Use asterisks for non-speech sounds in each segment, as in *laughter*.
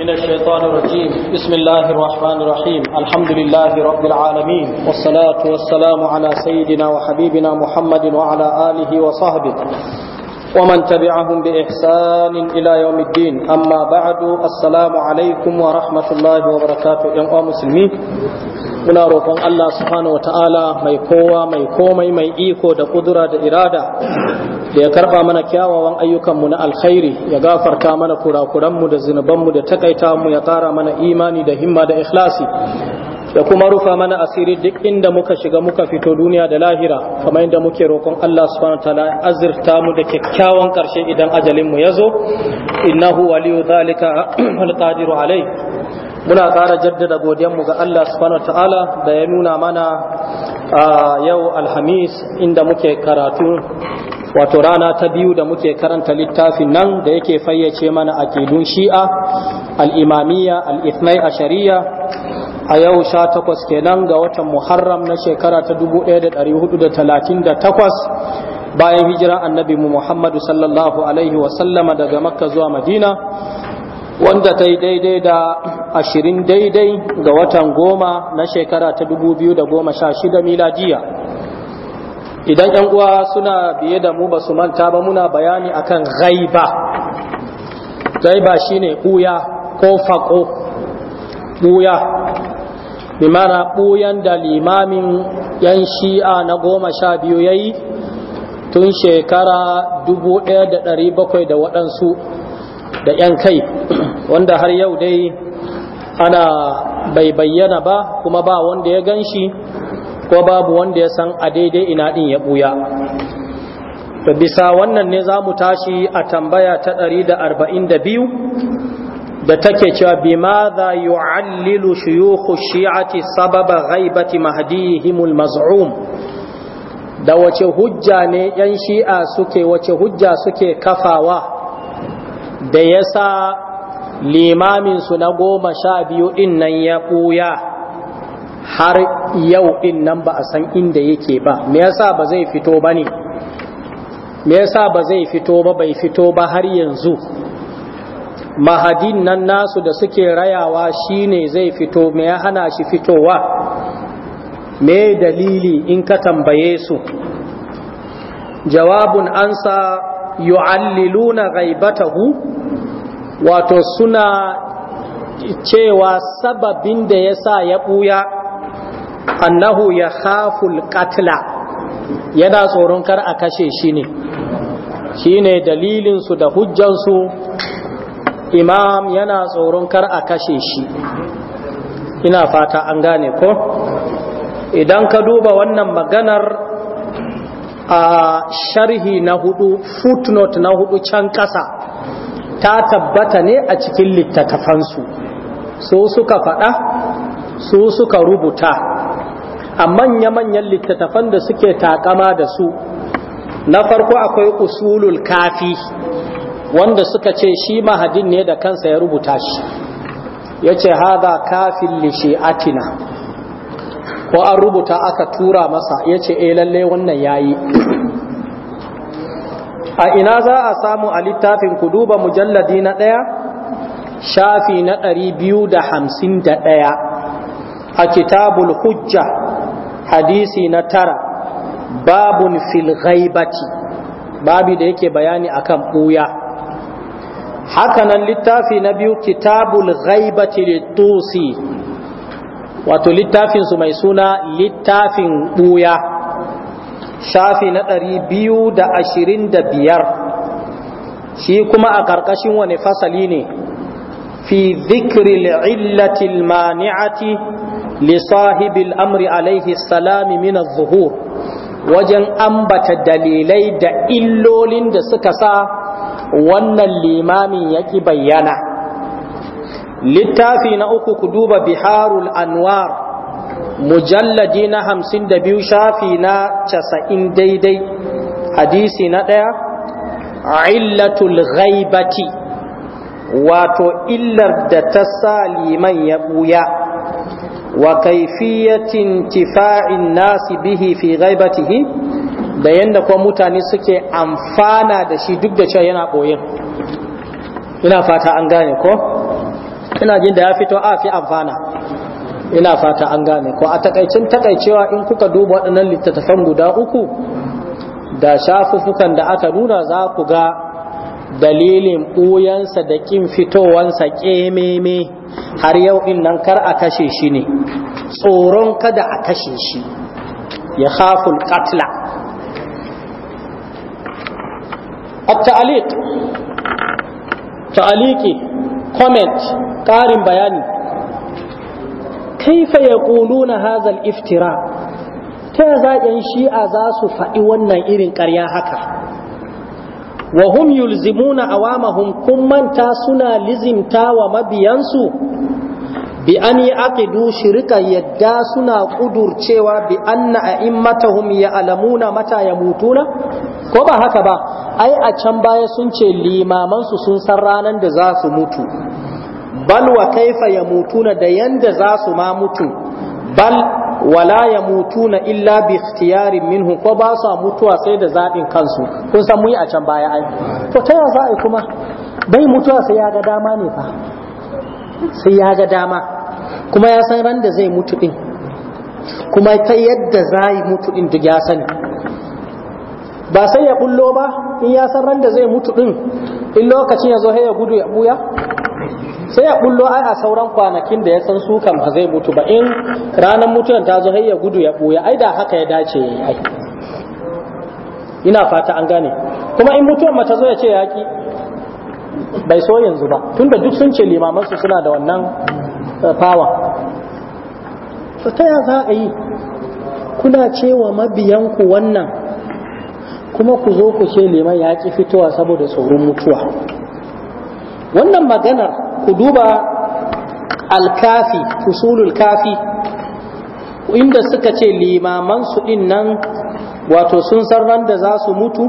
من الشيطان الرجيم بسم الله الرحمن الرحيم الحمد لله رب العالمين والصلاة والسلام على سيدنا وحبيبنا محمد وعلى آله وصحبه ومن تبعهم بإحسان إلى يوم الدين أما بعد السلام عليكم ورحمة الله وبركاته يا مسلمين muna roƙon Allah subhanahu ta'ala mai kowa mai komai mai iko da kudura da irada da ya karɓa mana kyawawan ayyukanmu na alkhairi ya gafarta mana kurakuranmu da zunubanmu da takaita mu ya ƙara mana imani da himma da ikhlasi da kuma rufa mana asiri duk inda muka shiga muka fito duniya da lahira kamar inda muke roƙon Allah subhanahu wataala azurta mu da kyakkyawan ƙarshe idan ajalin mu yazo innahu waliyu zalika *clears throat* wal qadiru alai muna ƙara jaddada godiyar mu ga Allah subhanahu wataala da ya nuna mana a yau alhamis inda muke karatu wato rana ta biyu da muke karanta littafin nan da yake fayyace mana akidun shi'a al-imamiyya al-ithnai shari'a. a yau sha takwas kenan ga watan muharram na shekara ta dubu ɗaya da da da hudu talatin takwas bayan hijira annabi mu muhammadu sallallahu alaihi wasallama daga makka zuwa madina wanda ta yi daidai da ashirin daidai ga watan goma na shekara ta dubu biyu da goma sha shida miladiya idan yan uwa suna biye da mu ba su manta ba muna bayani akan ghaiba ghaiba shine ɓuya ko fako ɓuya bi ɓuyan da limamin yan shi'a na goma sha biyu ya yi tun shekara dubu ɗaya da ɗari bakwai da waɗansu da yan kai *clears throat* wanda har yau dai ana bai bayyana ba kuma ba wanda ya gan shi ko babu wanda ya san a daidai ina ɗin ya ɓuya bisa wannan ne za mu tashi a tambaya ta ɗari da arba'in da biyu. da take cewa bimadha yu'allilu shuyukhu shi'ati sababa ghaibati mahdihimul maz'um da wace hujja ne yan shi'a suke wace hujja suke kafawa da yasa limamin su na goma sha biyu din nan ya buya? har yau din nan ba a san inda yake ba me yasa ba zai fito ba ne me yasa ba zai fito ba bai fito ba har yanzu mahadin nan nasu da suke rayawa shine zai fito me ya hana shi fitowa me dalili in ka tambaye su jawabun ansa yu'alliluna ghaibatahu wato suna cewa sababin da ya sa ya buya. annahu ya khaful katla yana tsoron kar a kashe shi ne shine dalilin su da hujjansu imam yana tsoron kar a kashe shi ina fata an gane ko idan ka duba wannan maganar a sharhi na hudu footnote na hudu can kasa ta tabbata ne a cikin littattafansu su suka faɗa su suka rubuta a manya-manyan littattafan da suke takama da su na farko akwai usulul kafi wanda suka ce shi mahadin ne da kansa ya rubuta shi ya ce haza kafin atina? ko an rubuta aka tura masa ya ce e lalle wannan yayi a ina za a samu a littafin ku duba mujalladi na ɗaya shafi na ɗari biyu da hamsin da ɗaya a kitabul hujja hadisi na tara babun fil Babu babi da yake bayani akan ɓuya hakanan littafi na biyu kitabul ghaibati litusi wato littafin su mai suna littafin buya shafi na ɗari biyu da ashirin da biyar shi kuma a ƙarƙashin wani fasali ne fi zikri illatil mani'ati li sahibil amri alaihi salami min zuhur wajen ambata dalilai da illolin da suka sa wannan limamin ƙi bayyana littafi na uku ku duba biharul anwar mujalladi na hamsin da biyu shafi na casa'in daidai hadisi na ɗaya illatul ghaibati wato illar da ta sa liman ya ɓuya wa kaifiyatin tifa'in nasi bihi fi ghaibatihi da yadda kuma mutane suke amfana da shi duk da cewa yana ɓoyin ina fata an gane ko ina jin da ya fito a fi amfana ina fata an gane ko a takaicin takaicewa in kuka duba waɗannan littattafan guda uku da shafuffukan da aka nuna za ku ga dalilin ɓoyansa da ƙin fitowansa ƙememe har yau in nan kar a kashe shi ne tsoron kada a kashe shi ya khaful katla at-ta'liq ta'liqi ƙarin bayani kaifa yaquluna hadha hazal iftira ta zaƙin shi'a za su faɗi wannan irin ƙarya haka wa hum yulzimuna awamahum kun manta suna lizimtawa mabiyansu bi an yi aqidu shirka yadda suna kudurcewa bi anna alamu ya'lamuna mata ya yamutuna ko ba haka ba ai a can baya sun ce limaman su sun san ranar da za su mutu bal wa kaifa yamutuna da yanda za su ma mutu bal wala yamutuna illa bi ikhtiyarin minhu ko ba su mutuwa sai da zabin kansu kun san mu yi a can baya ai to ta yaya za a yi kuma bai mutuwa sai ya ga dama ne fa sai ya ga dama kuma ya san ran da zai mutu din kuma ta yadda zai mutu din duk ya sani ba sai ya kullo ba in ya san ran da zai mutu din in lokacin ya zo ya gudu ya buya sai ya bullo ai a sauran kwanakin da ya san su kan ba zai mutu ba in ranar mutuwan ta zo ya gudu ya buya ai da haka ya dace ya ai ina fata an gane kuma in mutuwan mata zo ya ce yaki bai so yanzu ba tunda duk sun ce limamansu suna da wannan fawa eh, to ta ya za a yi kuna cewa mabiyanku wannan kuma ku zo ku ce liman ya ki fitowa saboda tsoron mutuwa wannan maganar ku duba alkafi fusulul kafi inda suka ce limaman su din nan wato sun san randa da za su mutu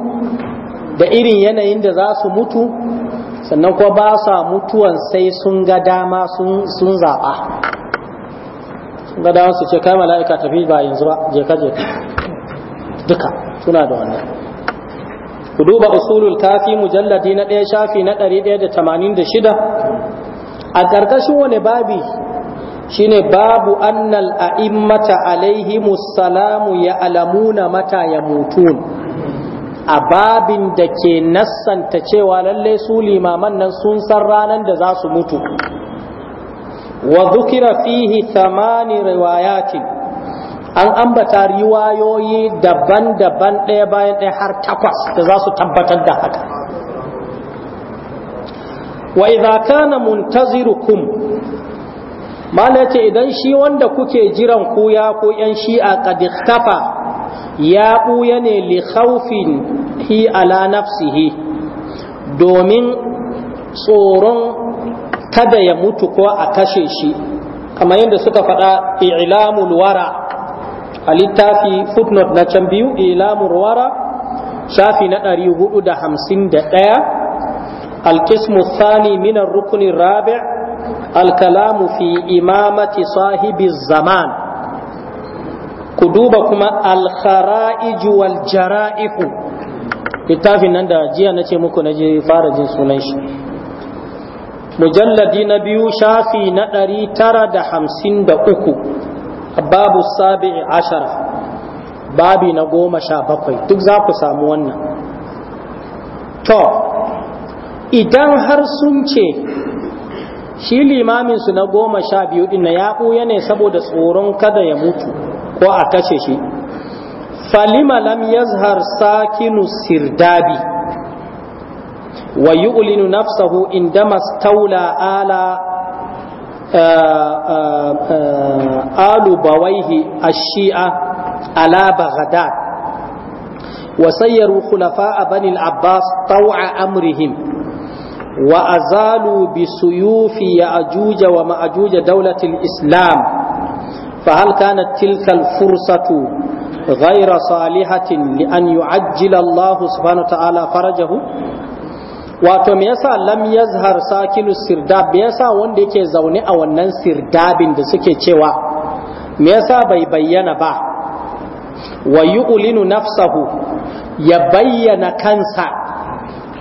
da irin yanayin da za su mutu sannan kuma ba sa mutuwan sai sun ga dama sun zaɓa sun ga dama su ce kai mala'ika tafi ba yanzu ba je ka je duka suna da wannan ku duba usulul kafi mujalladi na ɗaya shafi na ɗari ɗaya da tamanin da shida a ƙarƙashin wani babi shine babu annal a'immata alaihi salamu ya alamuna mata ya mutun a babin da ke nassanta cewa lalle su limaman nan sun san ranar da za su mutu wa zukira fihi thamani riwayatin an ambata riwayoyi daban-daban ɗaya bayan ɗaya har takwas da za su tabbatar da haka wa idza kana muntazirukum mala ce idan shi wanda kuke jiran ku ya ko yan shi'a a ya ɓuya ne li khawfin hi ala nafsihi domin tsoron kada ya mutu ko a kashe shi kamar yadda suka faɗa ilamul wara a littafi footnote na can biyu ilamul wara shafi na ɗari hudu da hamsin da ɗaya alkismu Sani minar rukunin rabi' alkalamu fi imamati sahibi zaman ku duba kuma alkhara'iju wal jara'iku littafin nan da jiya na muku na je fara jin sunan shi mujalladi na biyu shafi na ɗari tara da hamsin da uku babu sabi'i ashara babi na goma sha bakwai duk za ku samu wannan to idan har sun ce shi limaminsu na goma sha biyu ɗin na ya buya ne saboda tsoron kada ya mutu ko a kashe shi falima lam yazhar sakinu sirdabi wa yu'linu nafsahu indama staula ala eh, eh, eh, alu bawaihi ash-shi'a ala baghdad wa sayyaru khulafa'a bani al-abbas taw'a amrihim وأزالوا بسيوف يأجوج ومأجوج دولة islam. فهل كانت تلك الفرصة غير صالحة لأن يعجل الله سبحانه وتعالى فرجه wato me yasa lam yazhar sakilu sirdab me yasa wanda yake zaune a wannan sirdabin da suke cewa me yasa bai bayyana ba wa yu'linu nafsahu ya bayyana kansa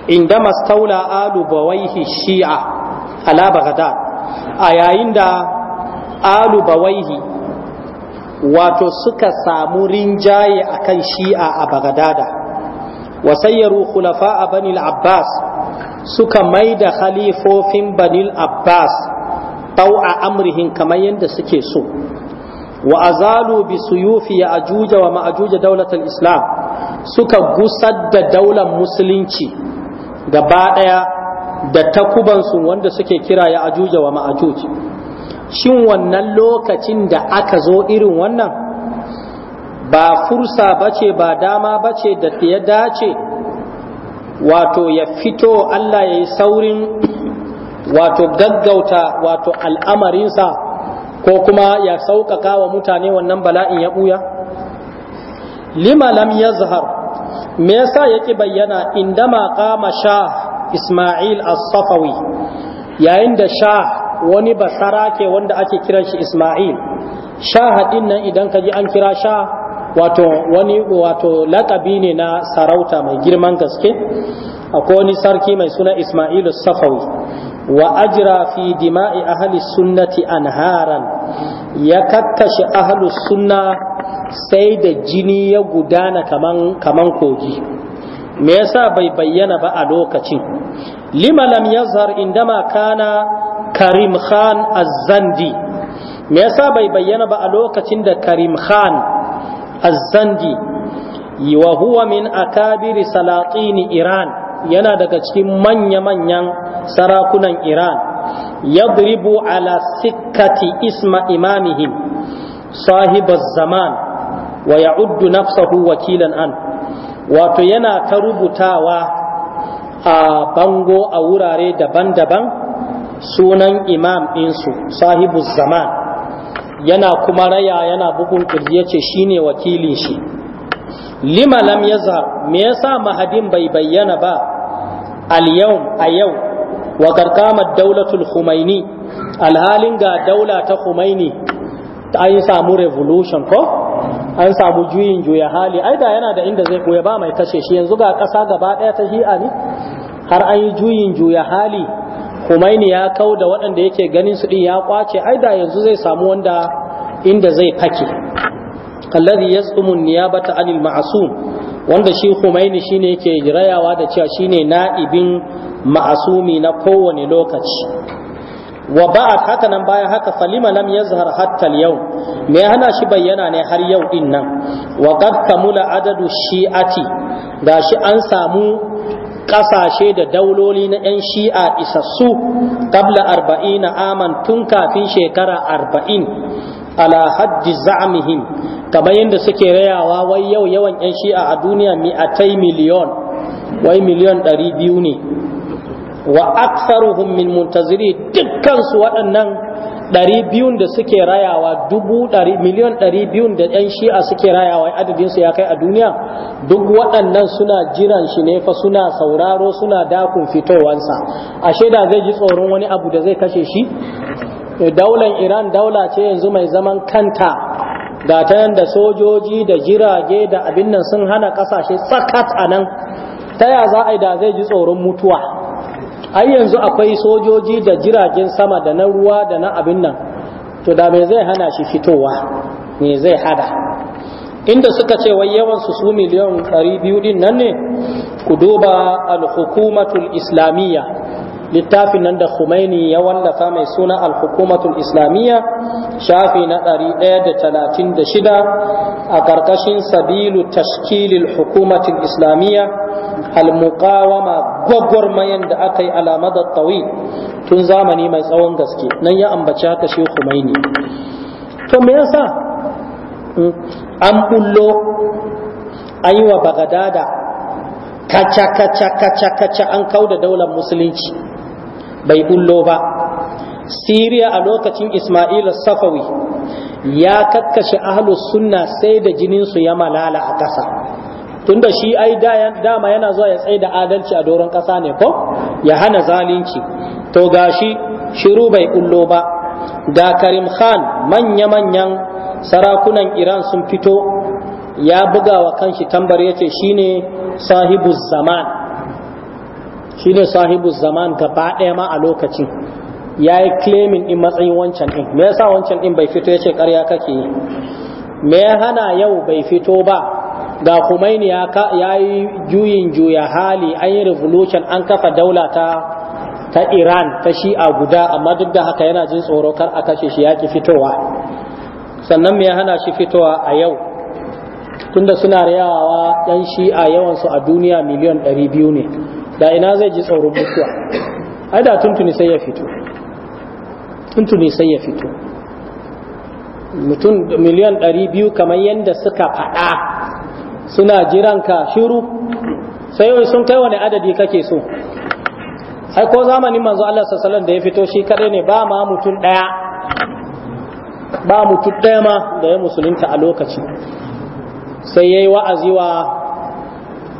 inda mastaula alu bawaihi shi'a ala baghdad a yayin da alu bawaihi wato suka samu rinjaye akan shi'a a bagadada wa sayyaru khulafa a banil abbas suka mai da khalifofin banil abbas tau a amrihin kamar yadda suke so wa azalu bi suyufi ya ajuja wa ma'ajuja daulatul islam suka gusar da daular musulunci gaba daya da takubansu wanda suke kira ya ajuja wa ma'ajuji shin wannan lokacin da aka zo irin wannan ba fursa bace ba dama bace da ya dace wato ya fito Allah ya yi saurin wato gaggauta wato al'amarinsa ko kuma ya sauƙaƙa wa mutane wannan bala'in ya ɓuya? lima lam ya zahar me yasa yake bayyana inda ma kama sha ismail as-safawi yayin da sha wani basara ke wanda ake kiran shi Ismail Sha haɗin nan idan ka ji an kira sha wato wani wato lakabi ne na sarauta mai girman gaske akwai wani sarki mai suna Ismailu Safawi wa ajra fi dima'i ahli sunnati anharan ya kakkashe ahli sunna sai da jini ya gudana kaman kaman kogi me yasa bai bayyana ba a lokacin lima lam yazhar indama kana karim khan az me yasa bai bayyana ba a lokacin da karim khan az wa huwa min akabiri salatini iran yana daga cikin manya-manyan sarakunan iran yadribu ala sikkati isma imamihim sahibaz zaman wa ya'uddu nafsahu wakilan an wato yana ta rubutawa a bango a wurare daban-daban sunan imam ɗinsu sahibu zaman yana kuma raya yana bugun kirji ya ce shi ne wakilin shi lima lam za me yasa mahadin bai bayyana ba alyau a yau wa karkama daulatul khumaini alhalin ga daula ta khumaini ta an samu revolution ko an samu juyin juya hali ai da yana da inda zai koya ba mai kashe shi yanzu ga kasa gaba ɗaya ta shi'a ne har an yi juyin juya hali Khomeini ya kau da waɗanda yake ganin su ɗin ya kwace ai da yanzu zai samu wanda inda zai fake alladhi ya niyabata anil ma'sum wanda shi Khomeini shine yake rayawa da cewa shine na'ibin ma'asumi na kowane lokaci wa ba'at haka nan bayan haka falima lam yazhar hatta yau me hana shi bayyana ne har yau din nan wa qad kamula adadu shi'ati ga shi an samu ƙasashe da dauloli na 'yan shi'a isassu ƙabla arba'in na aman tun kafin shekara arba'in ala haddi za'amihim kamar yadda suke rayawa wai yau yawan 'yan shi'a a duniya mi'atai miliyon wai miliyon ɗari biyu ne wa aksaruhum min muntaziri dukkan su waɗannan ɗari biyun da suke rayawa dubu ɗari miliyon ɗari biyun da ɗan shi'a suke rayawa adadin su ya kai a duniya duk waɗannan suna jiran shi ne fa suna sauraro suna dakun fitowansa ashe da zai ji tsoron wani abu da zai kashe shi eh, daular iran daula ce yanzu mai zaman kanta ga ta da sojoji da jirage da abin nan sun hana ƙasashe tsakat a nan ta ya za a yi da zai ji tsoron mutuwa ai yanzu akwai sojoji da jiragen sama da na ruwa da na abin nan to da me zai hana shi fitowa me zai hada inda suka ce wai yawan su su miliyan 200 din nan ne ku duba al-hukumatul islamiyya littafin nan da Khomeini ya wallafa mai suna al-hukumatul islamiyya shafi na 136 a karkashin sabilu tashkilil hukumatul islamiyya almuqawama gwagwarmayan da aka yi alamadar tawi tun zamani mai tsawon gaske nan ya ambaci haka shi to me yasa an bullo an yi wa bagadada kaca kaca kaca kaca an kauda daular musulunci bai bullo ba siriya a lokacin ismaila safawi ya kakkashe ahlus sunna sai da jininsu ya malala a ƙasa tunda shi ai dama yana zuwa ya tsaye da adalci a doron ƙasa ne ko ya hana zalunci to gashi shiru bai kullo ba ga karim khan manya-manyan sarakunan iran sun fito ya buga wa kanshi tambar yace shine sahibu zaman shine sahibu zaman gaba ɗaya ma a lokacin ya yi claiming in matsayin wancan ɗin me yasa wancan ɗin bai fito ya ce ƙarya kake yi me hana yau bai fito ba ga Khomeini ya yi juyin juya hali an yi revolution an kafa daula ta ta Iran ta shi'a guda amma duk da haka yana jin tsoro kar a kashe shi yaki fitowa sannan me ya hana shi fitowa a yau tunda suna rayawa yan shi'a yawansu a duniya miliyan 200 ne da ina zai ji tsoron mutuwa ai da tuntuni sai ya fito tuntuni sai ya fito mutum miliyan 200 kamar yadda suka faɗa suna jiran ka shiru sai yau sun kai wani adadi kake so sai ko zamanin manzo Allah sallallahu da ya fito shi kadai ne ba ma mutum daya ba mutum daya ma da ya musulunta a lokacin sai yayi wa'azi wa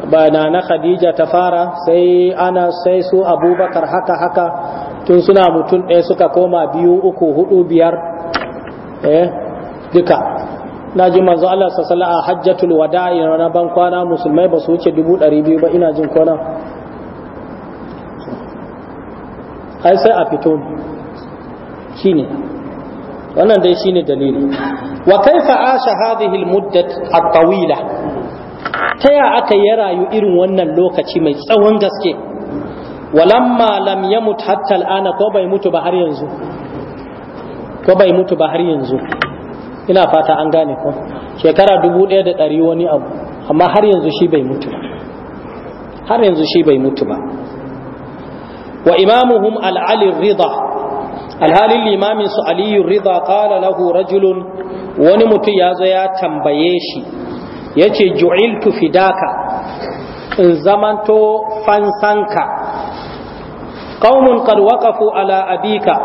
bana na Khadija ta fara sai ana sai su Abubakar haka haka tun suna mutum ɗaya suka koma biyu uku hudu biyar eh duka na ji manzo Allah sallallahu a hajjatul wada'i na ban kwana musulmai ba su wuce dubu ɗari biyu ba ina jin kwana ai sai a fito shine wannan dai shine dalili wa kaifa asha hadhihi almuddat at-tawila ta ya aka ya rayu irin wannan lokaci mai tsawon gaske walamma lam yamut hatta al'ana ko bai mutu ba har yanzu ko bai mutu ba har yanzu ina fata an gane ku. shekara dubu ɗaya da ɗari wani abu amma har yanzu shi bai mutu ba har yanzu shi bai mutu ba wa imamuhum al'alin rida alhalin limamin su aliyu rida qala lahu rajulun wani mutum ya zo ya tambaye shi yace ju'iltu fidaka in zamanto fansanka qaumun qad waqafu ala abika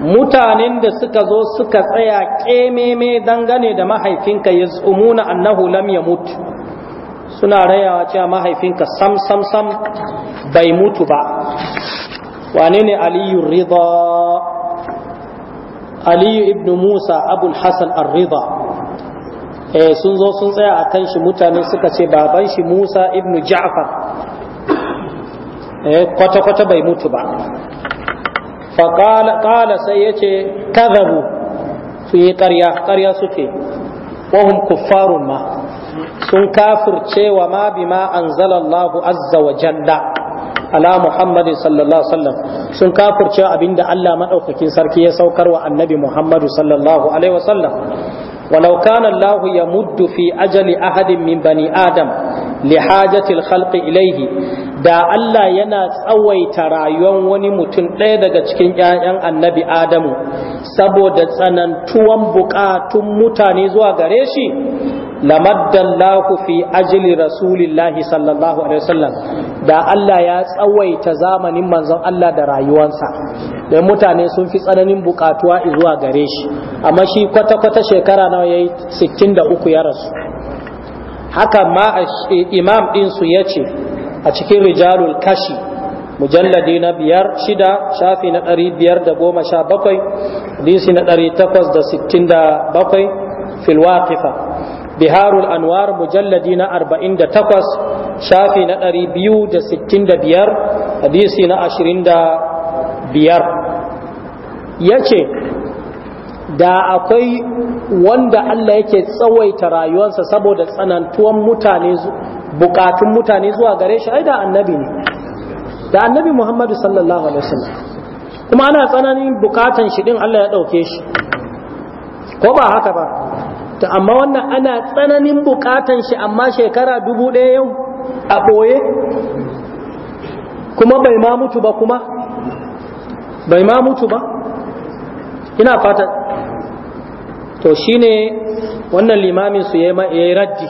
mutanen da suka zo suka tsaya kememe dangane da mahaifinka ya umuna annahu lam ya mutu suna rayawa cewa mahaifinka sam sam sam bai mutu ba wane ne aliyu rida aliyu ibn musa abul hassan ar-rida eh sun zo sun tsaya a kan shi mutane suka ce baban shi musa ibn ja'far eh kwata-kwata bai mutu ba faƙala sai ya ce kazabu su yi ƙarya ƙarya suke wahum kuffarun ma sun kafirce wa ma bima anzalallahu azza wa jalla ala muhammadin sallallahu sallam sun kafirce abinda Allah maɗaukakin sarki ya saukar wa annabi muhammadu sallallahu alaihi wasallam walau kana Allah ya muddu fi ajali ahadin min bani adam lihajatil khalqi ilaihi da Allah yana tsawaita rayuwar wani mutum ɗaya daga cikin 'ya'yan annabi Adamu saboda tsanantuwan buƙatun mutane zuwa gare shi lamaddallahu fi ajli rasulillahi sallallahu alaihi wasallam da Allah ya tsawaita zamanin manzon Allah da rayuwarsa da mutane sun fi tsananin buƙatuwa zuwa gare shi amma shi kwata-kwata shekara nawa da 63 ya rasu haka ma imam ɗinsu ya ce a cikin rijalul kashi mujalladi na biyar shida shafi na ɗari biyar da goma sha bakwai hadisi na ɗari takwas da sittin da bakwai filwaƙifa biharul anwar mujalladi na arba'in da takwas shafi na ɗari biyu da sittin da biyar hadisi na ashirin da biyar ya ce da akwai wanda Allah yake tsawaita rayuwarsa saboda tsanantuwan mutane bukatun mutane zuwa gare shi ai da annabi ne da annabi Muhammadu sallallahu alaihi wasallam kuma ana tsananin bukatan shi din Allah ya dauke shi ko ba haka ba to amma wannan ana tsananin bukatan shi amma shekara dubu daya yau a ɓoye kuma bai ma mutu ba kuma bai ma mutu ba ina fata to shine wannan limamin ya yi raddi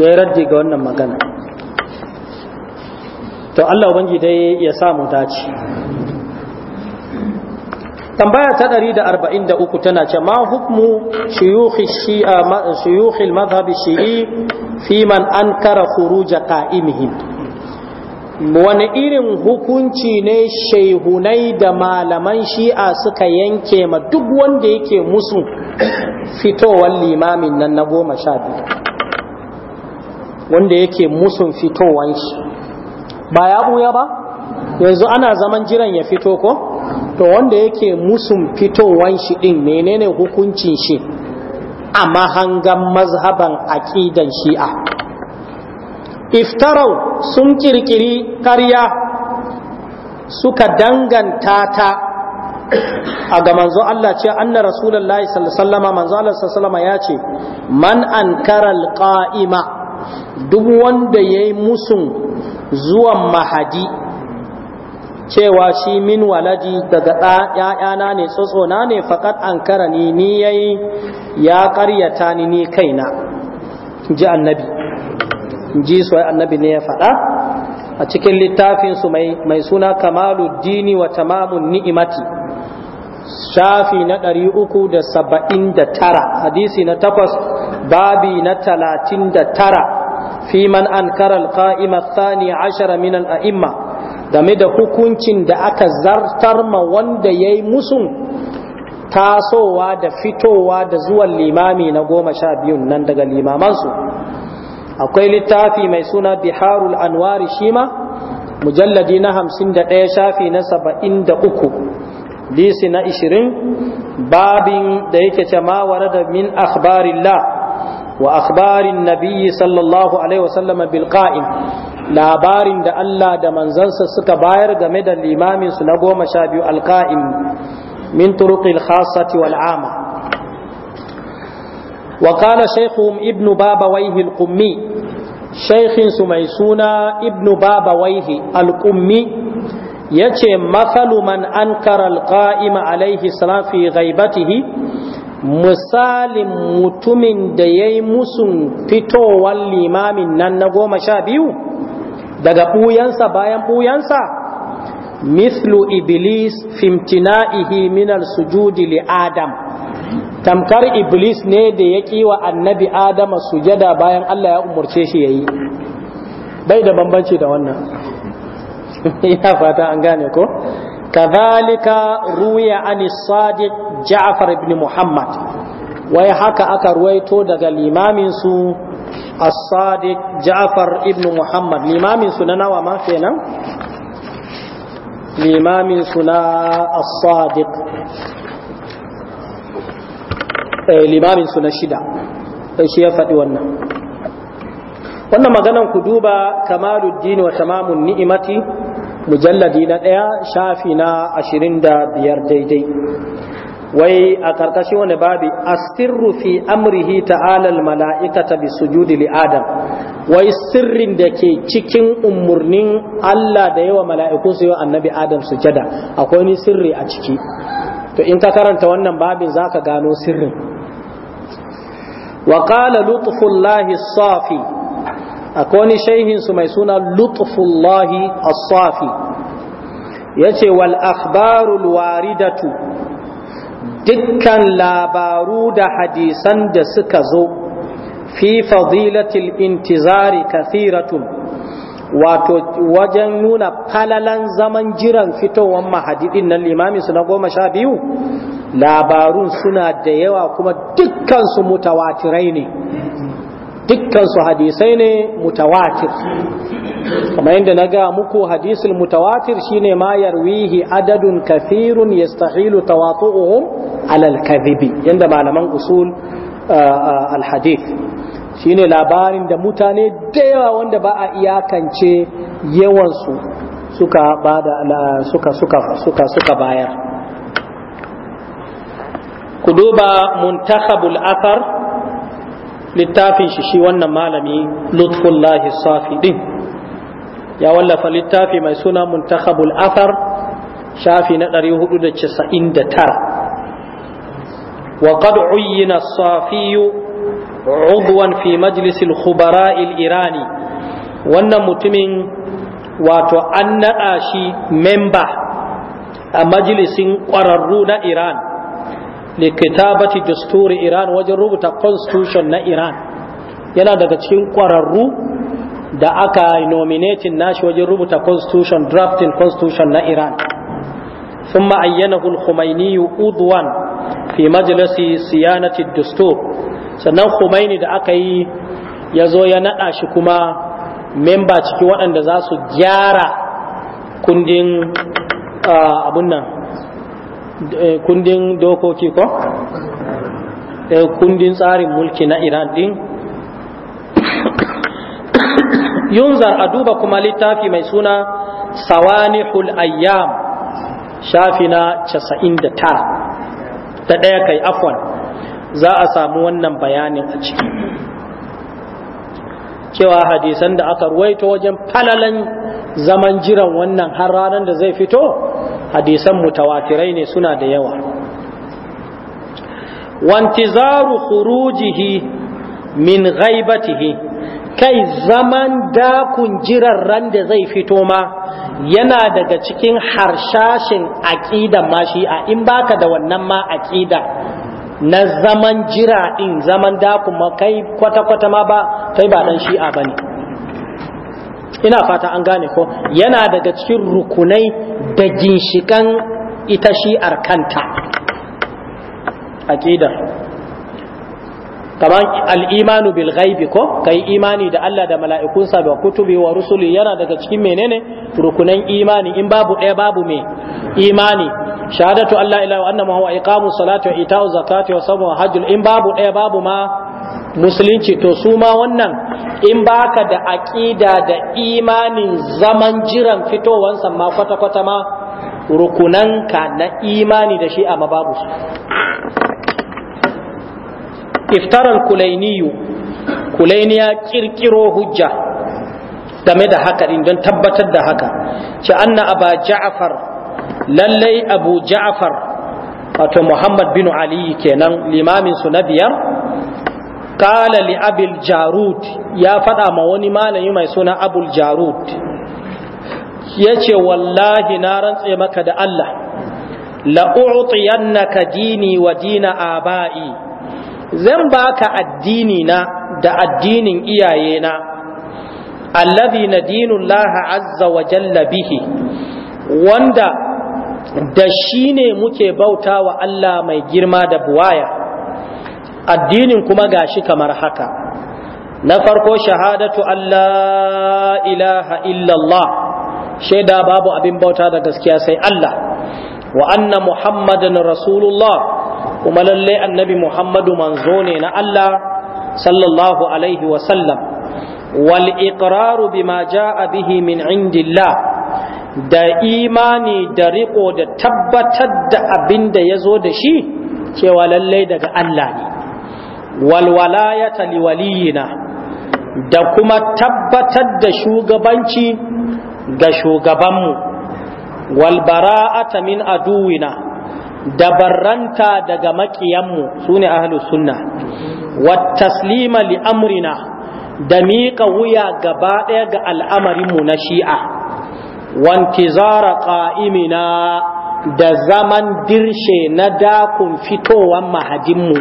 ya yi raddi ga wannan magana to Allah ubangi dai ya samu dace tambaya ta 143 tana ce ma hukmu shuyukh shi'a shuyukh al-madhhab shi'i fi man ankara khuruj qa'imihim wani irin hukunci ne shaihunai da malaman shi'a suka yanke ma duk wanda yake musu fitowar limamin nan na goma sha biyu wanda yake musun fitowar shi ba ya buya ba yanzu ana zaman jiran ya fito ko to wanda yake musun fitowar shi din, menene hukuncin shi a mahangan mazhaban aƙidan shi'a iftarau sun kirkiri ƙarya suka danganta ta a ga manzo Allah ce anna rasulullahi sallallahu manzo Allah sallallahu ya ce man ankara alqa'ima duk wanda yayi musun zuwan mahadi cewa shi min waladi daga ‘ya'yana ne na ne faƙat an kara ni ni yayi ya ƙaryata ni ni kaina ji annabi ji su annabi ne ya faɗa a cikin littafinsu mai suna kamalu dini wa tamamun ni'imati shafi na ɗari uku da saba'in da tara hadisi na takwas babi na talatin da tara fi man an sani ka'ima thani ashara min al'a'imma game da hukuncin da aka zartar ma wanda ya yi musun tasowa da fitowa da zuwan limami na goma sha biyun nan daga limamansu akwai littafi mai suna biharul anwari shima mujalladi na hamsin da ɗaya shafi na saba'in da uku disi na ishirin babin da yake ce da min akhbarillah wa akhbarin nabiyyi sallallahu alaihi wasallama bilqa'in labarin da Allah da manzansa suka bayar game da limaminsu na goma sha biyu alka'in min turuqil khassati wal ama وقال شيخهم ابن بابويه القمي شيخ سميسونا ابن بابويه القمي يتي مثل من أنكر القائم عليه السلام في غيبته misalin mutumin da ya yi musun fitowar limamin nan na goma sha biyu daga ɓuyansa bayan ɓuyansa mislu iblis fimtina'ihi minal sujudi li adam tamkar iblis ne da ya kiwa annabi adama sujada bayan Allah ya umurce shi ya yi. bai da bambanci da wannan ya *laughs* fata an gane ko kadhalika ruya an sadiq ja'far ibn muhammad wai haka aka ruwaito daga limamin su as-sadiq ja'far ibn muhammad limamin su na nawa ma kenan limamin su na as-sadiq Eh, limamin su na shida sai eh, shi ya faɗi wannan wannan maganan ku duba kamaluddin wa tamamun ni'imati mujalladi na ɗaya shafi na ashirin da biyar daidai wai a karkashin wani babi asirru fi amrihi ta'ala mala'ikata bi sujudi li adam wai sirrin da ke cikin umurnin Allah da yawa mala'iku su yi annabi adam sujada akwai ni sirri a ciki to in ka karanta wannan babin zaka gano sirrin وقال لطف الله الصافي أكون شيخ سميسون لطف الله الصافي يجي والأخبار الواردة دكاً لا بارود حديثاً دسكزو في فضيلة الانتظار كثيرة وجنون قللاً زمن جيراً فتو وما حديثنا الإمام سنقوم شابيو labarun suna da yawa kuma dukkansu mutawatirai ne dukkansu hadisai ne mutawatir kamar yadda na ga muku hadisul mutawatir shine ma yarwihi adadun kathirun yastahilu tawatu'uhum alal kadhibi yadda malaman usul uh, uh, al shine labarin da mutane da yawa wanda ba a iyakance yawansu suka bada suka suka suka suka bayar ku duba muntakhabul athar littafin shi shi wannan malami lutfullahi safi din ya wallafa littafi mai suna muntakhabul athar shafi na 499 wa qad uyyina safi udwan fi majlis al khubara al irani wannan mutumin wato an naɗa shi memba a majalisin ƙwararru na iran likitabati dusturi iran wajen rubuta constitution na iran yana daga cikin kwararru da aka nominatin nashi wajen rubuta constitution drafting constitution na iran ثم عينه الخميني udwan fi مجلس siyanati الدستور sannan humaini da aka yi ya zo ya naɗa shi kuma memba ciki waɗanda za su gyara kundin abun nan Eh, kundin dokoki ko eh, kundin tsarin mulki na iran din *coughs* yunzar a duba kuma littafi mai suna sawanihul ayyam shafi na 99 da ɗaya kai afwan za a samu wannan bayanin a ciki cewa hadisan da aka ruwaito wajen falalan zaman jiran wannan har ranar da zai fito hadisan mutawatirai ne suna da yawa wantizaru khurujihi min ghaibatihi kai zaman dakun ran da zai fito ma yana daga cikin harshashin aƙida ma shi'a in baka da wannan ma aƙida na zaman jira ɗin zaman dakun ma kai kwata-kwata ma ba kai ba ɗan shi'a bane ina fata an gane ko yana daga cikin rukunai da ginshikan ita shi'ar kanta aqidar kamar al'imanu bil ghaibi ko kai imani da Allah da mala'ikunsa da kutubi wa rusuli yana daga cikin menene rukunan imani in babu ɗaya babu me imani shahadatu Allah ila wa anna huwa iqamu salati wa ita'u zakati wa sabu hajjul in babu ɗaya babu ma musulunci to su ma wannan in baka da aƙida da imanin zaman jiran fitowansa ma kwata-kwata ma rukunanka na imani da shi a mababu su iftarar kulainiyu kulainiya ƙirƙiro hujja game da haka don tabbatar da haka ce anna aba ja'afar lallai abu ja'afar wato muhammad bin ali kenan limamin su na biyar Kalali li abil ya faɗa ma wani malami mai suna abul Ya yace wallahi na rantse maka da Allah la u'tiyannaka dini wa dina aba'i zan baka addini na da addinin iyayena allazi na dinullah azza wa jalla bihi wanda da shi ne muke bauta wa Allah mai girma da buwaya addinin kuma gashi kamar haka na farko shahadatu Allah ilaha illallah shaida babu abin bauta da gaskiya sai Allah wa anna muhammadan rasulullah kuma lalle annabi muhammadu manzo ne na Allah sallallahu alaihi wa sallam wal iqraru bima jaa bihi min indillah da imani da riko da tabbatar da abin da ya zo da shi cewa lallai daga Allah ne walwalayata liwaliyina da kuma tabbatar da shugabanci ga shugabanmu walbara'ata min aduwina da barranta daga makiyanmu su ne ahalus sunna wattaslima amrina da miƙa wuya gaba ɗaya ga al'amarinmu na shi'a wantizara ƙa'imina da zaman dirshe na dakun fitowan mahadinmu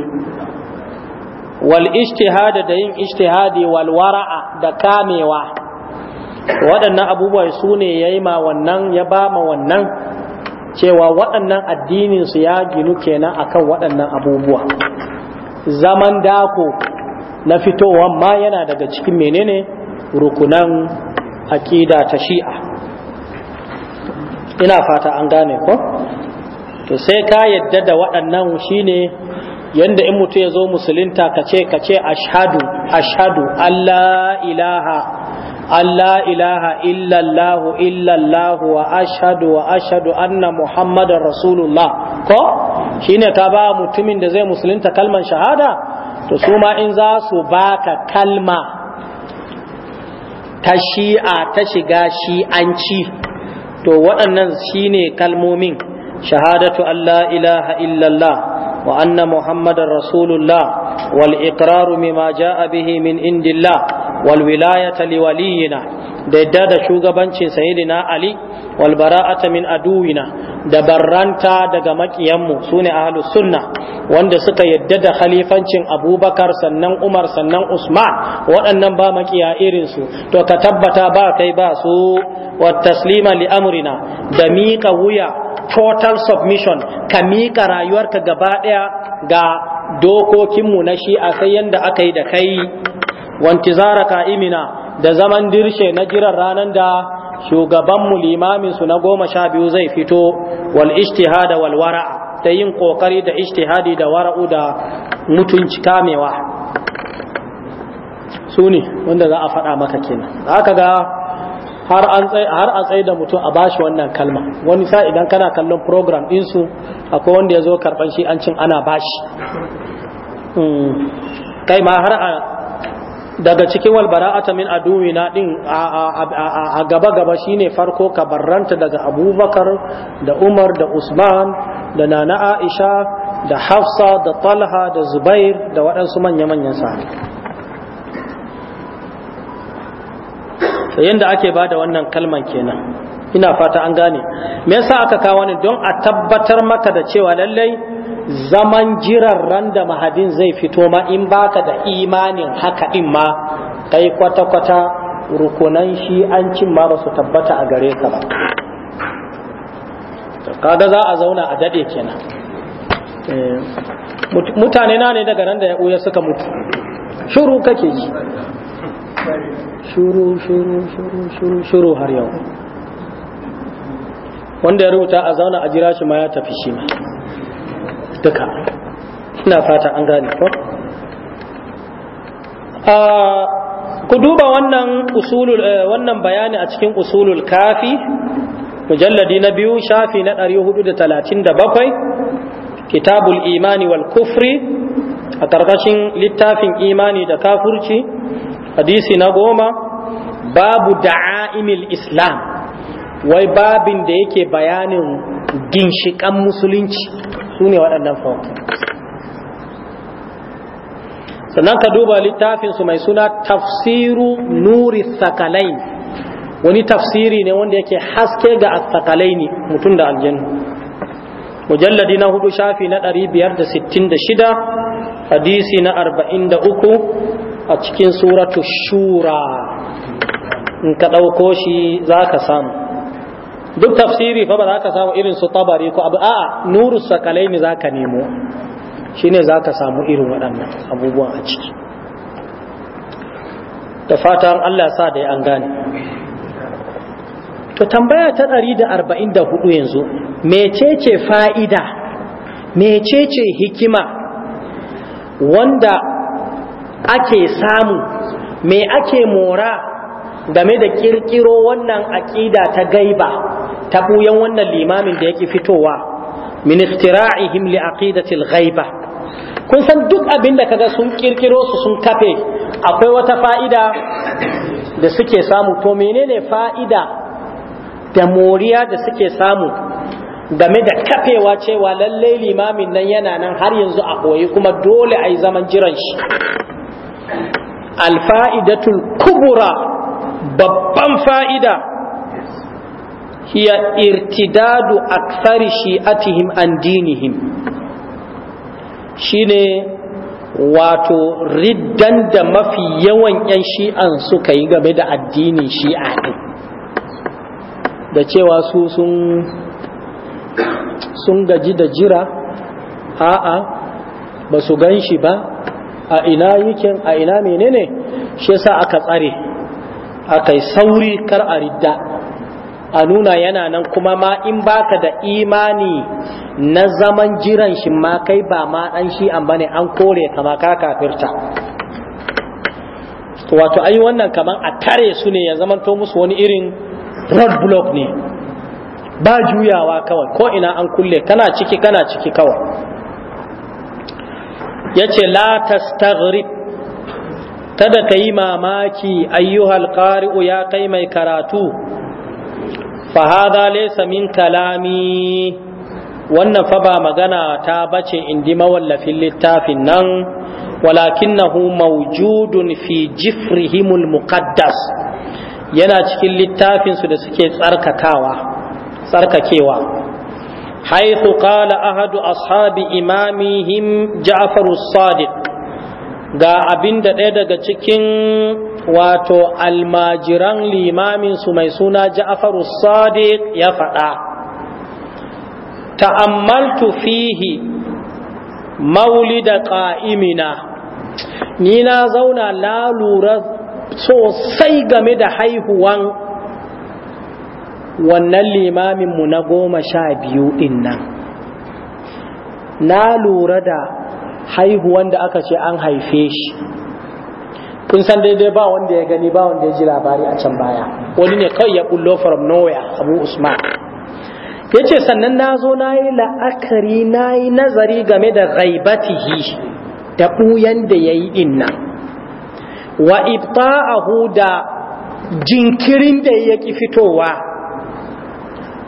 wal ijtihada da yin ijtihadi wal wara'a da kamewa waɗannan abubuwa su ne ya yi ma wannan ya ba ma wannan cewa waɗannan addinin su ya ginu kenan akan waɗannan abubuwa zaman dako na fitowa ma yana daga cikin menene rukunan aƙida ta shi'a ina fata an gane ko to sai ka yadda da waɗannan shine yanda in mutum ya zo musulunta ka ce ka ce ashadu ashadu Allah ilaha Allah ilaha illallahu illallahu wa ashadu wa ashadu anna muhammadar rasulullah ko shine ka ba mutumin da zai musulunta kalman shahada to su ma in za su baka kalma ta shi'a ta shiga shi'anci to waɗannan shine kalmomin shahadatu Allah ilaha illallah وأن محمد رسول الله والإقرار مما جاء به من عند الله والولاية لولينا دادا دا شوغبانش سيدنا علي والبراءة من أدونا da barranta daga makiyanmu su ne ahalus sunna wanda suka yadda da khalifancin abubakar sannan umar sannan usman waɗannan ba makiya irinsu to ka tabbata ba kai ba su taslima li amrina da miƙa wuya total submission ka miƙa rayuwarka gaba ɗaya ga dokokinmu na shi'a sai yadda aka yi da kai wanti zara ka'imina da zaman dirshe na jiran ranar da shugabanmu limaminsu na goma sha biyu zai fito wal ishtihada wal wara ta yin ƙoƙari da ishtihadi da wara'u da mutunci kamewa su wanda za a faɗa maka kenan ga har an har a tsaye da mutum a bashi wannan kalma wani sa idan kana kallon program din su akwai wanda ya zo karban shi an cin ana bashi hmm. kai ma har a daga cikin walbara'ata min na din a gaba gaba shine farko ka barranta daga abubakar da umar da usman da nana aisha da hafsa da talha da zubair da waɗansu manya-manyan sahabi yanda ake ba da wannan kalman kenan ina fata an gane me yasa aka kawo ni don a tabbatar maka da cewa lallai zaman jiran ran da mahadin zai fito ma in baka da imanin haka din ma kai kwata kwata rukunan shi an cin ma ba su tabbata a gare ka ba kaga za a zauna a dade kenan eh, mutane na ne daga nan da ya ɓuya suka mutu shiru kake yi. shuru shuru shuru shuru shuru har yau wanda ya rubuta a zauna a jira shi ma ya tafi shi ma duka ina fata an gane ko ku duba wannan usulul eh, wannan bayani a cikin usulul kafi mujalladi na biyu shafi na 437 kitabul imani wal kufri a karkashin littafin imani da kafurci hadisi na goma babu da'a'imil islam wai babin da yake bayanin ginshikan musulunci su ne waɗannan fawon sannan ka duba littafinsu mai suna tafsiru nuri sakalain wani tafsiri ne wanda yake haske ga ne mutum da aljanu. mujalladi na hudu shafi na 566 hadisi na 43 a cikin suratu shura in ka ɗauko shi za ka samu duk tafsiri fa ba za ka samu irin su tabari ko abu a'a nuru sakalai ne za ka nemo shi ne za ka samu irin waɗannan abubuwan a ciki da fatan Allah sa da an gane to tambaya ta 144 yanzu mecece fa'ida mecece hikima wanda ake samu me ake mora game da kirkiro wannan aƙida ta gaiba ta buyan wannan limamin da yake fitowa min iftira'ihim li aqidatil ghaiba kun san duk abin da kaga sun kirkiro su sun kafe akwai wata fa'ida da suke samu to menene fa'ida da moriya da suke samu game da kafewa cewa lallai limamin nan yana nan har yanzu a koyi kuma dole a yi zaman jiran shi alfa'idatul kubura babban fa'ida hiya irtidadu akthari shi'atihim an dinihim shine wato riddan da mafi yawan 'yan shi'an suka yi game da addinin shi'a ɗin da cewa su sun gaji da jira a'a ba su gan shi ba a ina yikin a ina menene shi yasa aka tsare aka yi sauri kar a ridda a nuna yana nan kuma ma in baka da imani na zaman jiran shi ma kai ba ma dan shi an bane an kore ka ma ka kafirta wato ai wannan kaman a tare su ne ya zamanto musu wani irin road block ne ba juyawa kawai ko ina an kulle kana ciki kana ciki kawai yace la tastaghrib ta ka yi mamaki ayyuhal qari'u ya kai mai karatu fa hadha laysa min kalami wannan fa ba magana ta bace indi mawallafin littafin nan walakinahu mawjudun fi jifrihimul muqaddas yana cikin littafinsu da suke tsarkakawa tsarkakewa حيث قال أحد أصحاب إمامهم جعفر الصادق ga abinda da ɗaya daga cikin wato almajiran limaminsu mai suna ja'afaru sadiq ya faɗa ta'ammaltu fihi maulida ka'imina. ni na zauna la lura sosai game da haihuwan wannan limaminmu na goma sha biyu nan na lura da haihuwan da aka ce an haife shi kun san daidai ba wanda ya gani ba wanda ya ji labari a can baya wani ne kawai ya bullo from nowhere abu usman ya ce sannan na zo na yi la'akari na yi nazari game da ghaibatihi da ɓuyan da ya yi inna wa ibta'ahu da jinkirin da ya ƙi fitowa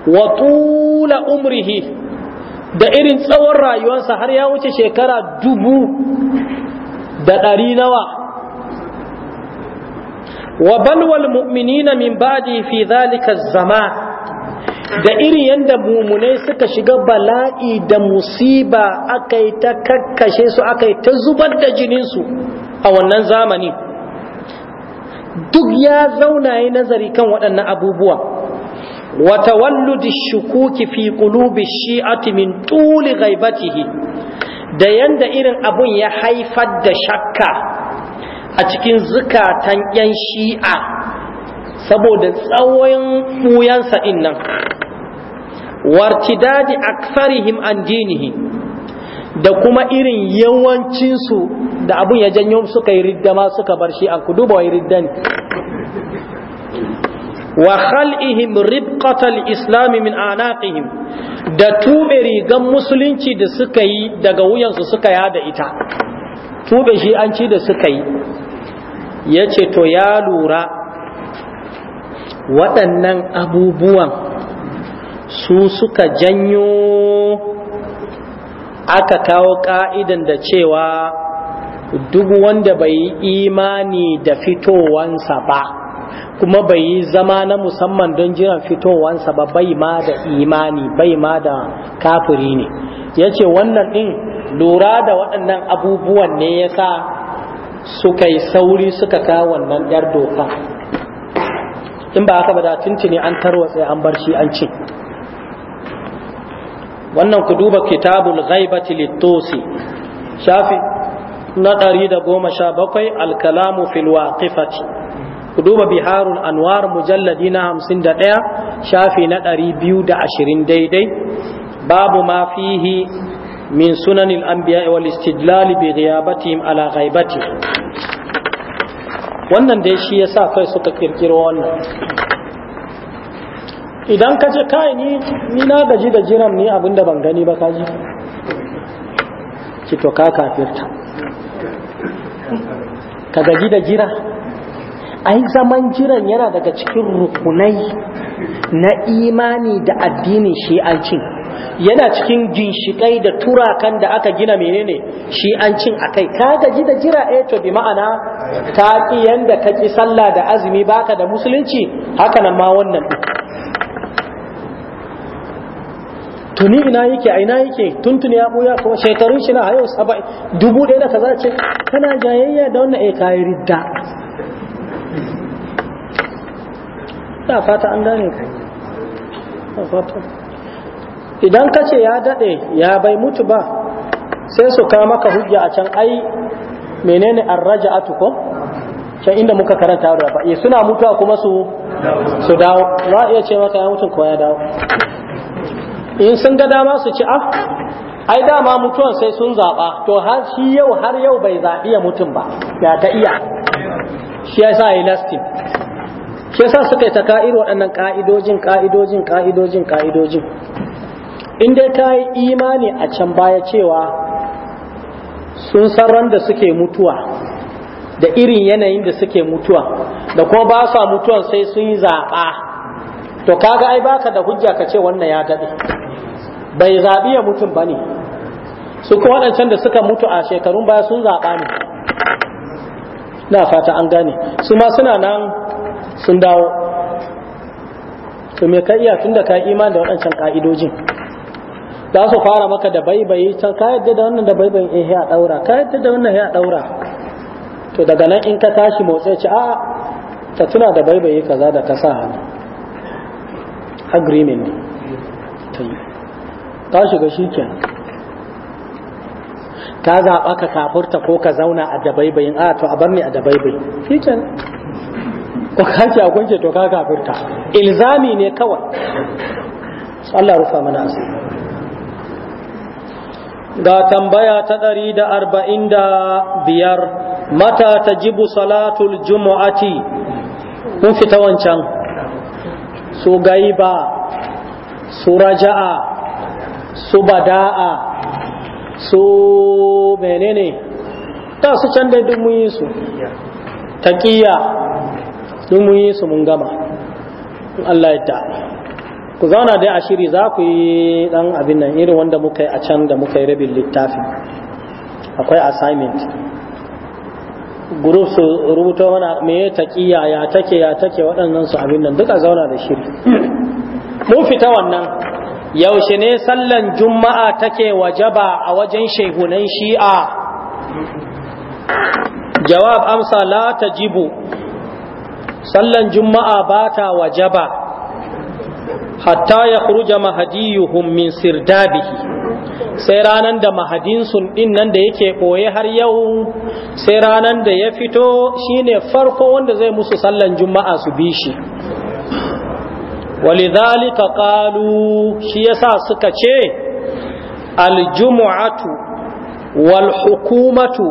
wa tula umrihi da irin tsawon rayuwarsa har ya wuce shekara dubu da ɗari nawa wa balwal mu'minina min ba'di fi zalika zama da irin yadda mumunai suka shiga bala'i da musiba aka yi ta kakkashe su aka yi ta zubar da jininsu a wannan zamani duk ya zauna nazari kan waɗannan abubuwa وتولد الشكوك shukuki قلوب الشيعة من طول غيبته da yanda irin abun ya haifar da shakka a cikin zukatan yan shi'a saboda tsawon buyansa din wartidadi aksarihim an dinihi da kuma irin yawancinsu da abun ya janyo suka yi riddama suka bar shi an ku duba wai riddani? wa khal'ihim ribqatal islami min anaqihim da tube rigan musulunci da suka yi daga wuyansu suka yada ita tube shi an ci da suka yi yace to ya lura waɗannan abubuwan su suka janyo aka kawo ka'idan da cewa duk wanda bai yi imani da fitowansa ba kuma bai yi zama na musamman don jiran fitowansa ba bai ma da imani bai ma da kafiri ne ya ce wannan ɗin lura da waɗannan abubuwan ne ya sa suka yi sauri suka kawo wannan ɗar doka in ba haka ba da tuntuni an tarwatsa an bar shi an ce wannan ku duba kitabul ghaibati littosi shafi na 117 alkalamu fil waqifati ku duba biharun anwar mujalladi na hamsin da ɗaya shafi na ɗari biyu da ashirin daidai babu ma fihi min sunanin anbiya wal istidlali bi ghiyabatihim ala ghaibati wannan dai shi yasa kai suka kirkiro wannan idan ka je kai ni ni na gaji da jiran ni abinda ban gani ba kaji ki to ka kafirta ka gaji da jira ai zaman jiran yana daga cikin rukunai na imani da addinin shi'ancin yana cikin ginshikai da turakan da aka gina menene shi'ancin akai ka gaji da jira eh to bi ma'ana ta ki yanda ka ki sallah da azumi baka da musulunci haka nan ma wannan tuni ina yake a yake tuntuni ya boya ko shekarun shi na hayo saba'i dubu da kaza ce kana jayayya da wannan eh kayi ridda ina fata an gane ka idan ka ce ya daɗe ya bai mutu ba sai su ka maka hujja a can ai menene an raja a tukon can inda muka karanta da ba eh, suna mutuwa kuma su su dawo za a iya ce maka ya mutun ko ya dawo in sun ga dama su ci af? Ah, ai dama mutuwan sai sun zaɓa to har shi yau har yau bai zaɓi ya mutum ba ya ta iya shi ya sa yi lastin shi yasa suka yi ta ka'ir waɗannan ka'idojin ka'idojin ka'idojin ka'idojin in dai ta yi imani a can baya cewa sun san da suke mutuwa da irin yanayin da suke mutuwa da kuma ba sa mutuwan sai sun yi zaɓa to kaga ai baka da hujja ka ce wannan ya daɗe bai zaɓi ya mutum ba ne su kuma waɗancan da suka mutu a shekarun baya sun zaɓa ne na fata an gane su ma suna nan sun dawo to me ka iya tun da ka iman da waɗancan ka'idojin za su fara maka da baibayi can ka yadda da wannan da baibayin eh ya daura ka yadda da wannan ya daura to daga nan in ka tashi motsa ci a'a ta tuna da baibayi kaza da ka sa hannu agreement ne ta yi ka shiga shikenan ka zaɓa ka kafurta ko ka zauna a dabaibayin a to a bar ni a dabaibayin shikenan ko ka ce a kwance to ka kafirta ilzami ne kawai Allah rufa mana asiri ga tambaya ta ɗari da arba'in da biyar mata ta jibu salatul jumu'ati kun fita wancan su gaiba su raja'a su bada'a su menene ta su can da duk su taƙiya don mun yi su mun gama in Allah ya ta ku zauna dai a shiri za ku yi dan abin nan irin wanda muka yi a can da muka yi rabin littafi akwai assignment group su mana me ya taqiya ya take ya take waɗannan su abin nan duka zauna da shiri *clears throat* mun fita wannan yaushe ne sallan juma'a take wajaba a wajen shehunan shi'a jawab amsa la tajibu sallan juma'a ba ta wajaba hatta ya kuruja mahadiyuhum min sirdabihi sai ranar da sun din nan da yake ɓoye har yau sai ranar da ya fito shine farko wanda zai musu sallan juma'a su bi shi walidhalika qalu shi yasa suka ce aljumu'atu wal hukumatu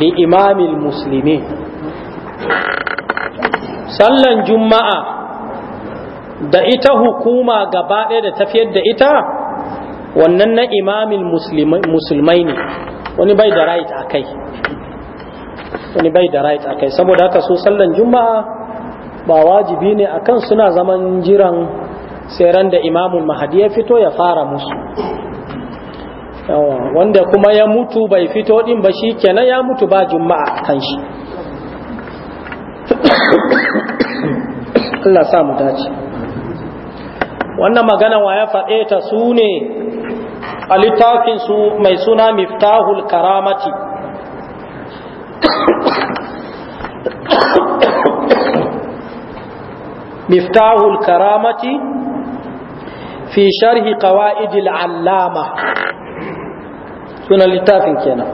li imamil muslimin sallan juma'a da ita hukuma gaba ɗaya da tafiyar da ita wannan na imamin musulmai ne wani bai da right a kai wani bai da right a kai saboda haka so sallan juma'a ba wajibi ne a kan suna zaman jiran tseren da imamun mahadi ya fito ya fara musu wanda kuma ya mutu bai fito din ba shi kenan ya mutu ba juma'a kan shi Allah sa mu dace wannan magana wa ya faɗe ta su ne a littafin su mai suna miftahul karamati miftahul karamati fi sharhi qawaidil allama suna littafin kenan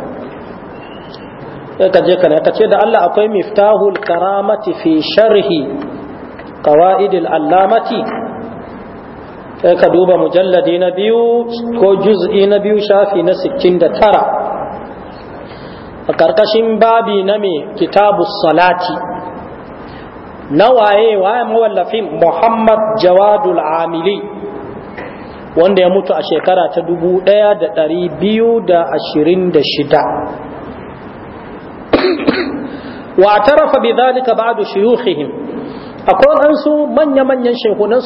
ka je ka ne ka ce da Allah akwai miftahul karamati fi sharhi qawaidil allamati sai ka duba mujalladi na biyu ko juz'i na biyu shafi na 69 a ƙarƙashin babi na mai kitabu salati na waye waye mawallafin muhammad jawadul amili wanda ya mutu a shekara ta 1226 wa tarafa bi zalika ba'du shuyukhihim akwai waɗansu manya-manyan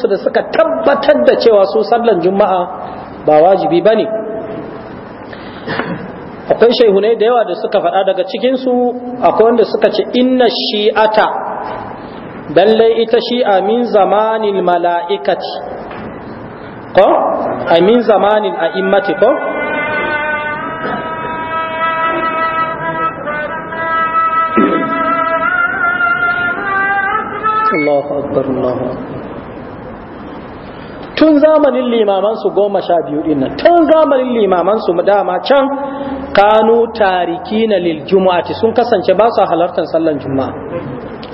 su da suka tabbatar da cewa su sallan juma'a ba wajibi ba ne akwai shehunai da yawa da suka faɗa daga cikinsu akwai wanda suka ce inna shi'ata lallai ita shi'a min zamanin mala'ikati ko? a min zamanin a'immati ko? Allahu akbar Allahu tun zamanin limaman su goma sha biyu din nan tun zamanin limaman su dama can kanu tariki lil jumu'ati sun kasance ba su halartar sallan juma'a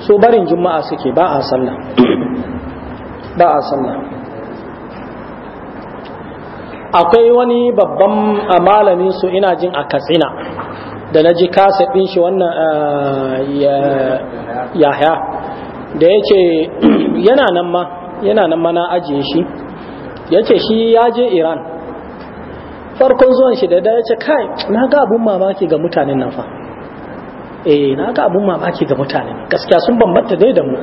su barin juma'a suke ba a sallah ba a sallah akwai wani babban malamin su ina jin a katsina da na ji kasa ɗin shi wannan yahya da ya ce *clears throat* yana nan ma yana nan na ajiye shi ya ce shi ya je iran farkon zuwan shi da da ya ce kai na ga abun mamaki ga mutanen nan fa eh na ga abun mamaki ga mutanen gaskiya sun bambanta dai da mu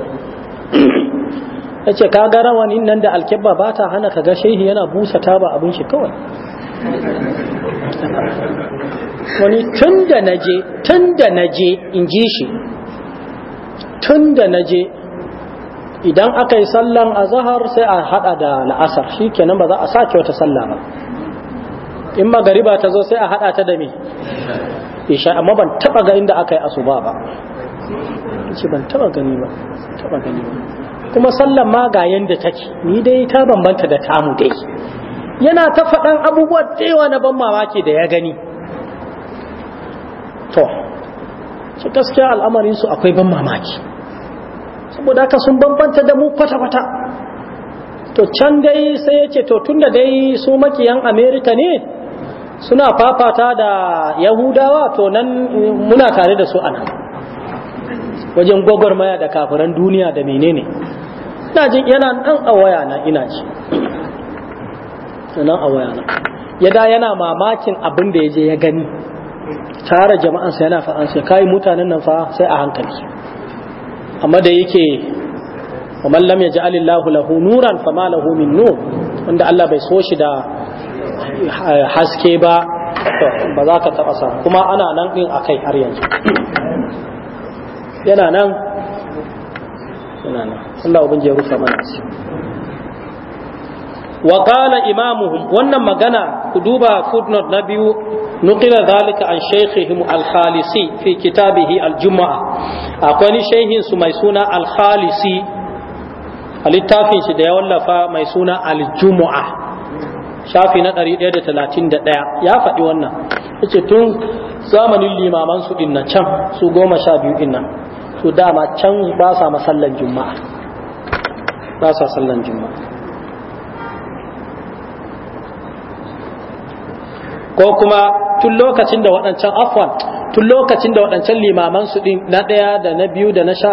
*clears throat* ya ce ka ga rawanin nan da alkebba ba ta hana ka ga shehi yana busa taba abun shi kawai *laughs* wani tun da naje tun da naje in ji shi tun da naje idan aka yi sallan azahar sai a hada da la'asar shi kenan ba za a sake wata sallah ba in magariba ta zo sai a hada ta da me isha amma ban taba ga inda aka yi asuba ba ce ban taba gani ba taba gani ba kuma sallan ma ga yanda take ni dai ta bambanta da tamu dai yana ta faɗan abubuwa da yawa na ban mamaki da ya gani to gaskiya al'amarin su akwai ban mamaki saboda haka sun bambanta da mu kwata-kwata to can dai sai yace ce to tunda dai su makiyan amerika ne suna fafata da yahudawa to nan muna tare da su anan wajen gwagwarmaya da kafiran duniya da menene ina jin yana nan a na ina ji nan a na yana mamakin abin da ya je ya gani tare jama'ansa yana fa'ansa kai mutanen nan fa sai a hankali amma da yake wa mallam ya ji alillahu lahu nuran fama lahu min nur wanda Allah bai so shi da haske ba to ba za ka taba sa kuma ana nan din akai har yanzu yana nan yana nan Allah ya rufa mana Wakala qala wannan magana ku duba footnote na biyu nukila zalika an shaykhihim al-khalisi fi kitabihi al-jumu'a akwai ni shaykhin mai suna al-khalisi littafin shi da ya wallafa mai suna al-jumu'a shafi na 131 ya faɗi wannan yace tun zamanin limaman su din can su goma sha biyu din nan su dama can ba sa masallan juma'a ba sa sallan juma'a ko kuma tun lokacin da waɗancan afwan tun lokacin da waɗancan limaman su ɗin na ɗaya da na biyu da na sha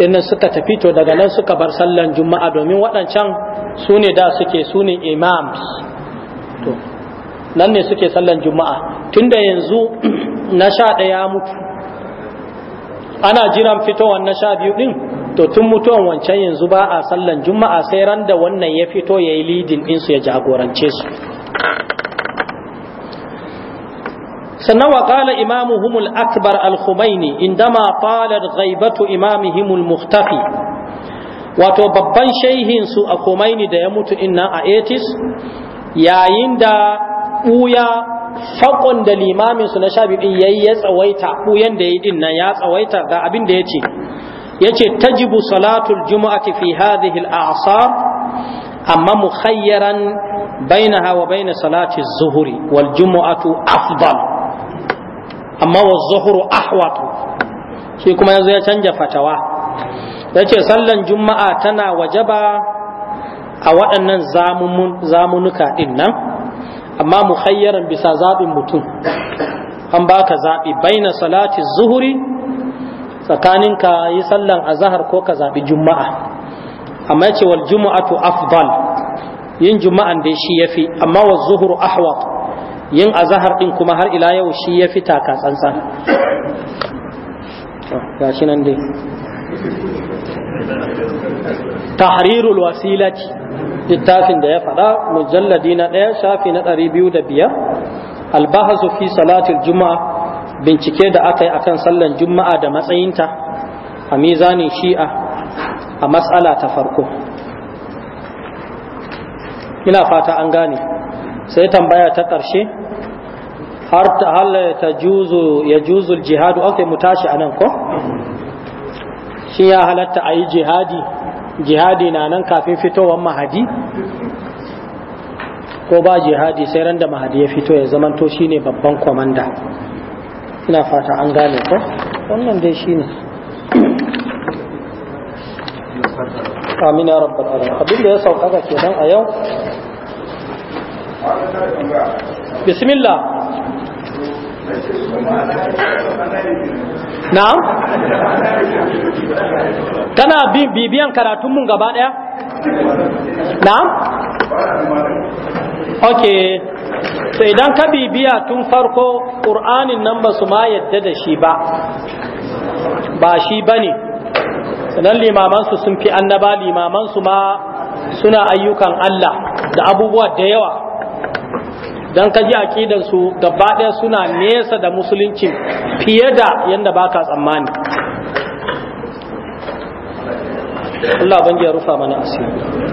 ɗinnan suka tafi to daga nan suka bar sallan juma'a domin waɗancan su ne da suke su ne imams to nan ne suke sallan juma'a tun da yanzu *clears throat* na sha ɗaya mutu ana jiran fitowar na sha biyu ɗin to tun mutuwan wancan yanzu ba a sallan juma'a sai ran da wannan ya fito ya yi lidin ɗinsu ya jagorance su sannan wa qala imamuhum al-akbar al-khumaini indama talat ghaibatu imamihim al muhtafi wato babban shehin su a Khumaini da ya mutu inna a 80 yayin da buya fakon da limamin su na shabi din yayi ya tsawaita buyan da yayi din nan ya tsawaita ga abin da yace yace tajibu salatul jumu'ati fi hadhihi al-a'sar amma mukhayyaran bainaha wa bain salati az-zuhri wal jumu'atu afdal amma wa zuhuru ahwatu shi kuma yanzu ya canja fatawa yace sallan juma'a tana wajaba a waɗannan zamunuka ɗin nan amma muhayyaran bisa zaɓin mutum an baka zaɓi baina salati zuhuri tsakanin ka yi sallan azahar ko ka zaɓi juma'a amma yace wal juma'atu afdal yin juma'an dai shi yafi amma wa zuhuru ahwat yin azahar din kuma har ila yau shi ya fita ka tsantsan ga nan dai tahrirul wasilati littafin da ya faɗa mujalladi na ɗaya shafi na ɗari biyu da biyar albahazu fi salatul juma'a bincike da aka yi akan sallan juma'a da matsayinta a mizanin shi'a a matsala ta farko ina fata an gane sai tambaya ta ƙarshe har ta halatta juzu ya juzul jihadu aka mu tashi anan ko shi ya halatta a yi jihadi jihadi na nan kafin fitowar mahadi ko ba jihadi sai ran da mahadi ya fito ya zamanto shine babban kwamanda ina fata an gane ko wannan dai shine amina rabbal alamin abin da ya sauƙaƙa kenan a yau bismillah na'am kana bibiyan karatun mun gaba daya na'am okay So, idan ka bibiya tun farko ƙur'anin nan ba su ma yadda da shi ba ba shi bane sanan sannan limamansu sun fi annaba limamansu ma suna ayyukan Allah da abubuwa da yawa don ka ji su gaba ɗaya suna nesa da musulunci fiye da yadda baka tsammani Allah ya rufa mana asiri